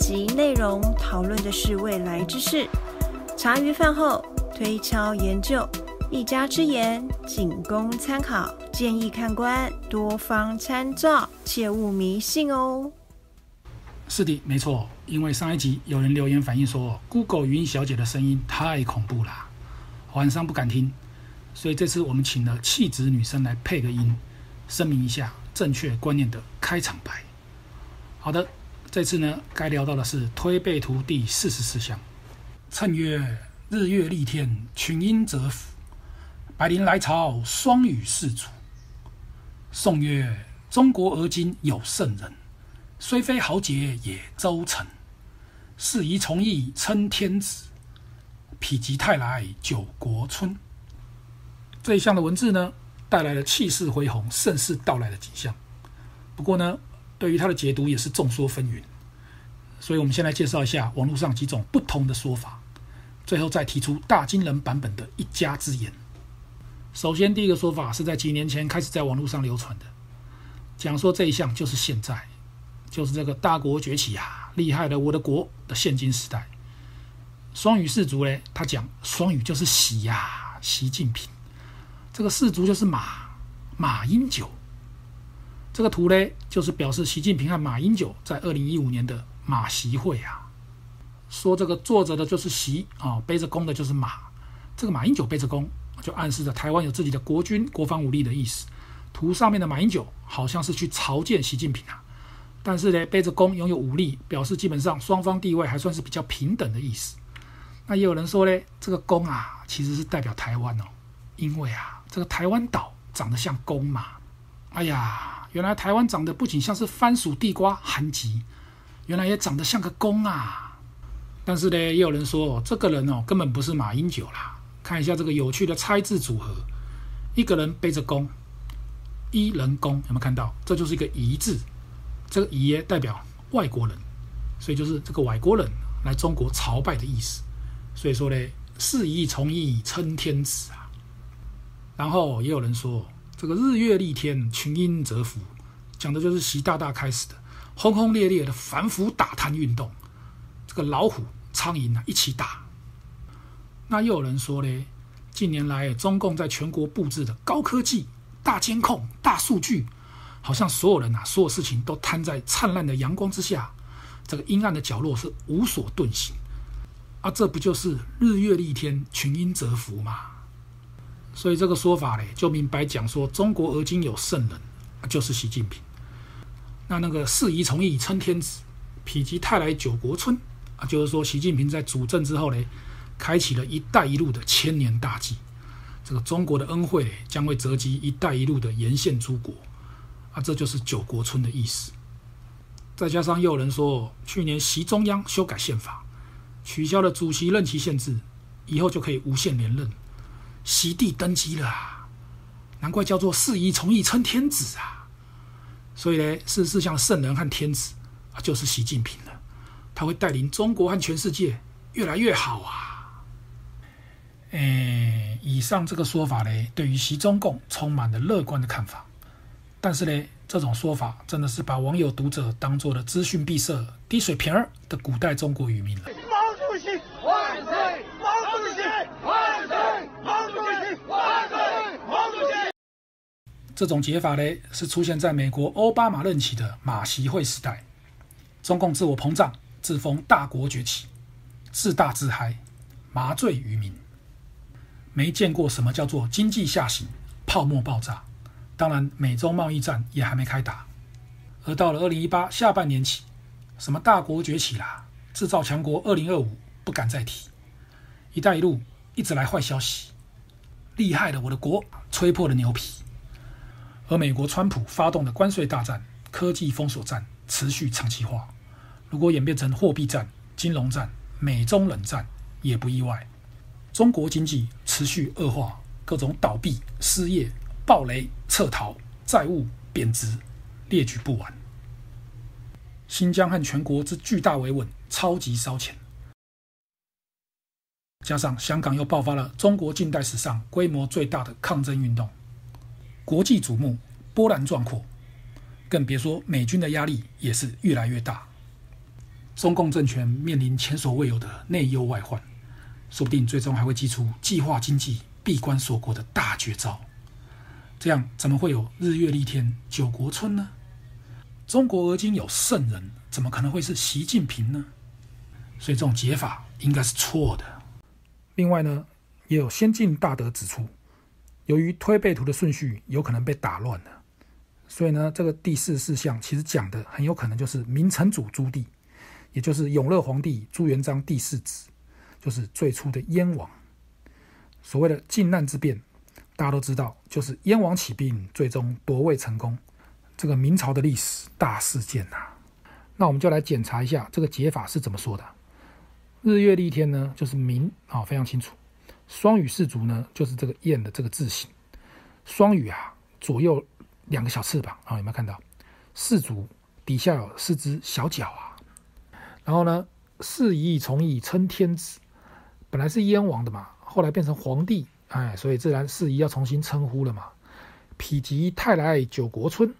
及內容討論的是未來之事，茶餘飯後推敲研究，一家之言僅供參考，建議看官多方參照，切勿迷信哦。是的，沒錯。因為上一集有人留言反映說，Google 語音小姐的聲音太恐怖了，晚上不敢聽，所以這次我們請了氣質女生來配個音，聲明一下正確觀念的開場白。好的。這次呢，該聊到的是推背圖第四十四象，讖曰“日月麗天，群陰懾服，百靈來朝，雙羽四足”。頌曰：“中國而今有聖人，雖非豪傑也，周成，四夷重譯稱天子，否極泰來，九國春。”這一項的文字呢，帶來了氣勢恢宏、盛世到來的景象。不過呢，對於他的解讀也是眾說紛紜，所以我們先來介紹一下網絡上幾種不同的說法，最後再提出大金人版本的一家之言。首先，第一個說法是在幾年前開始在網絡上流傳的，講說這一象就是現在，就是這個大國崛起呀、啊，厲害了我的國的現今時代。雙羽四足呢，他講雙羽就是習呀，習近平，這個四足就是馬馬英九。這個圖呢，就是表示習近平和馬英九在二零一五年的馬習會啊。說這個坐着的就是習，啊、哦，背着弓的就是馬。這個馬英九背着弓，就暗示着台灣有自己的國軍、國防武力的意思。圖上面的馬英九好像是去朝見習近平啊，但是呢，背着弓擁有武力，表示基本上雙方地位還算是比較平等的意思。那也有人說呢，這個弓啊，其實是代表台灣哦，因為啊，這個台灣島長得像弓嘛。哎呀。原來臺灣長得不僅像是番薯、地瓜、韓籍，原來也長得像個弓啊！但是呢，也有人說這個人哦根本不是馬英九啦。看一下這個有趣的拆字組合，一個人背着弓，一人弓有沒有看到？這就是一個“夷”字，這個“夷”代表外國人，所以就是這個外國人來中國朝拜的意思。所以說呢，四夷從一稱天子啊。然後也有人說。這個日月麗天，群英蟄伏，講的就是習大大開始的轟轟烈烈的反腐打貪運動。這個老虎、蒼蠅啊，一起打。那又有人說嘞，近年來中共在全國布置的高科技、大監控、大數據，好像所有人吶、啊，所有事情都攤在燦爛的陽光之下，這個陰暗的角落是無所遁形。啊，這不就是日月麗天，群英蟄伏嗎？所以這個說法呢，就明白講說，中國而今有聖人，啊、就是習近平。那那個“四夷從一稱天子，否極泰來九國春”，啊，就是說習近平在主政之後呢，開啟了一帶一路的千年大計。這個中國的恩惠將會澤及一帶一路的沿線諸國，啊，這就是九國春的意思。再加上又有人說，去年習中央修改憲法，取消了主席任期限制，以後就可以無限連任。席地登基了，啊，難怪叫做“四夷重譯稱天子”啊！所以呢，事實上聖人和天子，就是習近平了，他會帶領中國和全世界越來越好啊！哎，以上這個說法呢，對於習中共充滿了樂觀的看法，但是呢，這種說法真的是把網友讀者當做了資訊閉塞、低水平兒的古代中國愚民了。這種解法嘞，是出現在美國歐巴馬任期的馬習會時代。中共自我膨脹，自封大國崛起，自大自嗨，麻醉於民。沒見過什麼叫做經濟下行、泡沫爆炸。當然，美中貿易戰也還沒開打。而到了二零一八下半年起，什麼大國崛起啦、製造強國二零二五不敢再提。一帶一路一直來壞消息，厲害了我的國，吹破了牛皮。而美國川普發動的關稅大戰、科技封鎖戰持續長期化，如果演變成貨幣戰、金融戰、美中冷戰也不意外。中國經濟持續惡化，各種倒閉、失業、暴雷、撤逃、債務貶值，列舉不完。新疆和全國之巨大維穩超級燒錢，加上香港又爆發了中國近代史上規模最大的抗爭運動。國際矚目，波瀾壯闊，更別說美軍的壓力也是越來越大。中共政權面臨前所未有的內憂外患，說不定最終還會祭出計劃經濟、閉關鎖國的大絕招。這樣怎麼會有日月麗天、九國春呢？中國而今有聖人，怎麼可能會是習近平呢？所以這種解法應該是錯的。另外呢，也有先進大德指出。由於推背圖的順序有可能被打亂了，所以呢，這個第四四象其實講的很有可能就是明成祖朱棣，也就是永樂皇帝朱元璋第四子，就是最初的燕王。所謂的靖難之變，大家都知道，就是燕王起兵，最終奪位成功，這個明朝的歷史大事件吶、啊。那我們就來檢查一下這個解法是怎麼說的。日月麗天呢，就是明啊、哦，非常清楚。雙羽四足呢，就是這個燕的這個字形。雙羽啊，左右兩個小翅膀啊、哦，有沒有看到？四足底下有四隻小腳啊。然後呢，四夷從以稱天子，本來是燕王的嘛，後來變成皇帝，哎，所以自然四夷要重新稱呼了嘛。否極泰來，九國春，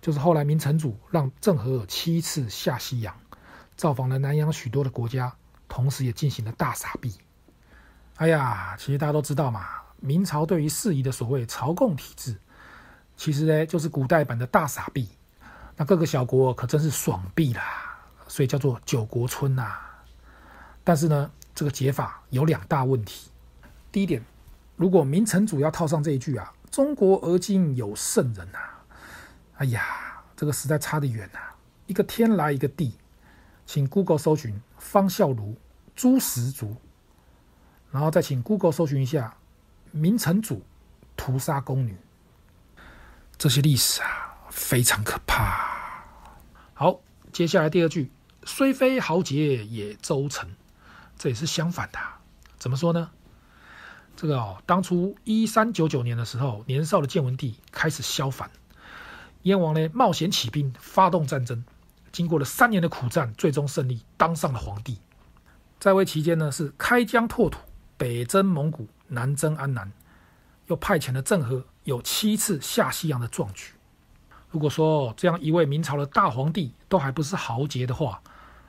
就是後來明成祖讓鄭和七次下西洋，造訪了南洋許多的國家，同時也進行了大撒幣。哎呀，其實大家都知道嘛，明朝對於事宜的所謂朝貢體制，其實呢就是古代版的大傻逼。那各個小國可真是爽逼啦，所以叫做九國村吶、啊。但是呢，這個解法有兩大問題。第一點，如果明成祖要套上這一句啊，“中國而今有聖人吶、啊”，哎呀，這個實在差得遠吶、啊，一個天來一個地，請 Google 搜尋方孝孺、誅十族。然後再請 Google 搜尋一下明成祖屠殺宮女，這些歷史啊非常可怕。好，接下來第二句，雖非豪傑也周成，這也是相反的啊。怎麼說呢？這個哦，當初一三九九年的時候，年少的建文帝開始削藩，燕王呢冒險起兵發動戰爭，經過了三年的苦戰，最終勝利，當上了皇帝。在位期間呢是開疆拓土。北征蒙古，南征安南，又派遣了鄭和有七次下西洋的壯舉。如果說這樣一位明朝的大皇帝都還不是豪傑的話，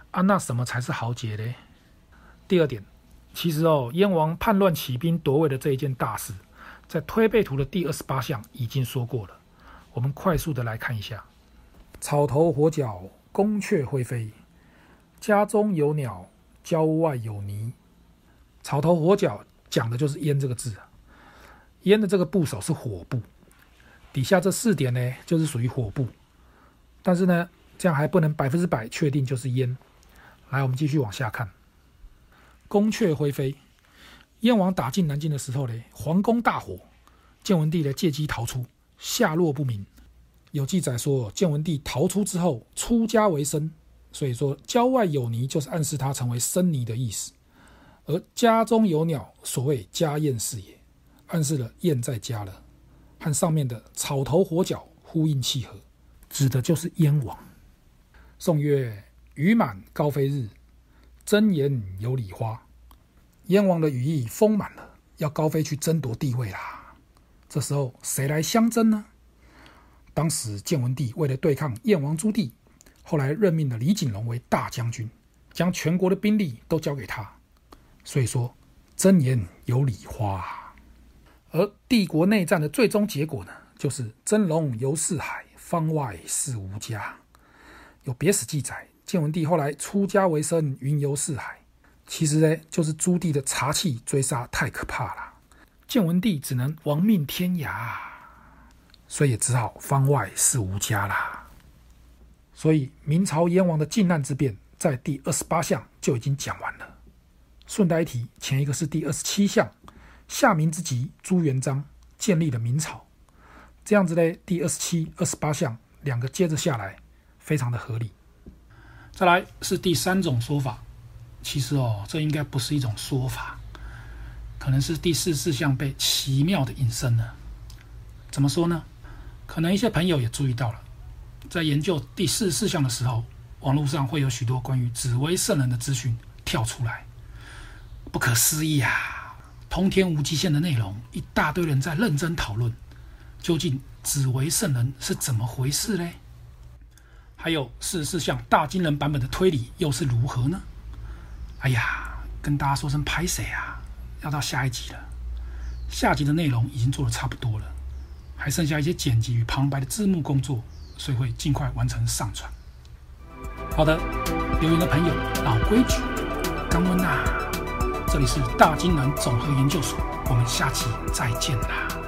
啊，那什麼才是豪傑呢？第二點，其實哦，燕王叛亂起兵奪位的這一件大事，在推背圖的第二十八象已經說過了。我們快速的來看一下：草頭火腳，宮闕灰飛；家中有鳥，郊外有尼。草頭火腳講的就是“煙”這個字，“煙”的這個部首是火部，底下這四點呢就是屬於火部，但是呢這樣還不能百分之百確定就是“煙”。來，我們繼續往下看。宮闕灰飛，燕王打進南京的時候呢，皇宮大火，建文帝呢借機逃出，下落不明。有記載說，建文帝逃出之後出家為僧，所以說“郊外有尼”就是暗示他成為僧尼的意思。而家中有鳥，所謂家燕是也，暗示了燕在家了，和上面的草頭火腳呼應契合，指的就是燕王。頌曰：“羽滿高飛日，爭言有李花。”燕王的羽翼豐滿了，要高飛去爭奪地位啦。這時候誰來相爭呢？當時建文帝為了對抗燕王朱棣，後來任命了李景隆為大將軍，將全國的兵力都交給他。所以說，真言有理花。而帝國內戰的最終結果呢，就是真龍遊四海，方外是無家。有別史記載，建文帝後來出家為僧，雲遊四海。其實呢，就是朱棣的茶氣追殺太可怕了，建文帝只能亡命天涯，所以只好方外是無家啦。所以明朝燕王的靖難之變，在第二十八象就已經講完了。順帶一提，前一個是第二十七項，夏明之集朱元璋建立的明朝，這樣子呢，第二十七、二十八項兩個接着下來，非常的合理。再來是第三種說法。其實哦，這應該不是一種說法，可能是第四十四項被奇妙的引申了。怎麼說呢？可能一些朋友也注意到了，在研究第四十四項的時候，網絡上會有許多關於紫薇聖人的資訊跳出來。不可思議啊！通天無極限的內容，一大堆人在認真討論，究竟紫薇聖人是怎麼回事呢？還有四十四象大金人版本的推理又是如何呢？哎呀，跟大家說聲拍死啊！要到下一集了，下集的內容已經做得差不多了，還剩下一些剪輯與旁白的字幕工作，所以會盡快完成上傳。好的，留言的朋友，老規矩，剛溫啊。這裡是大金人綜合研究所，我們下期再見啦。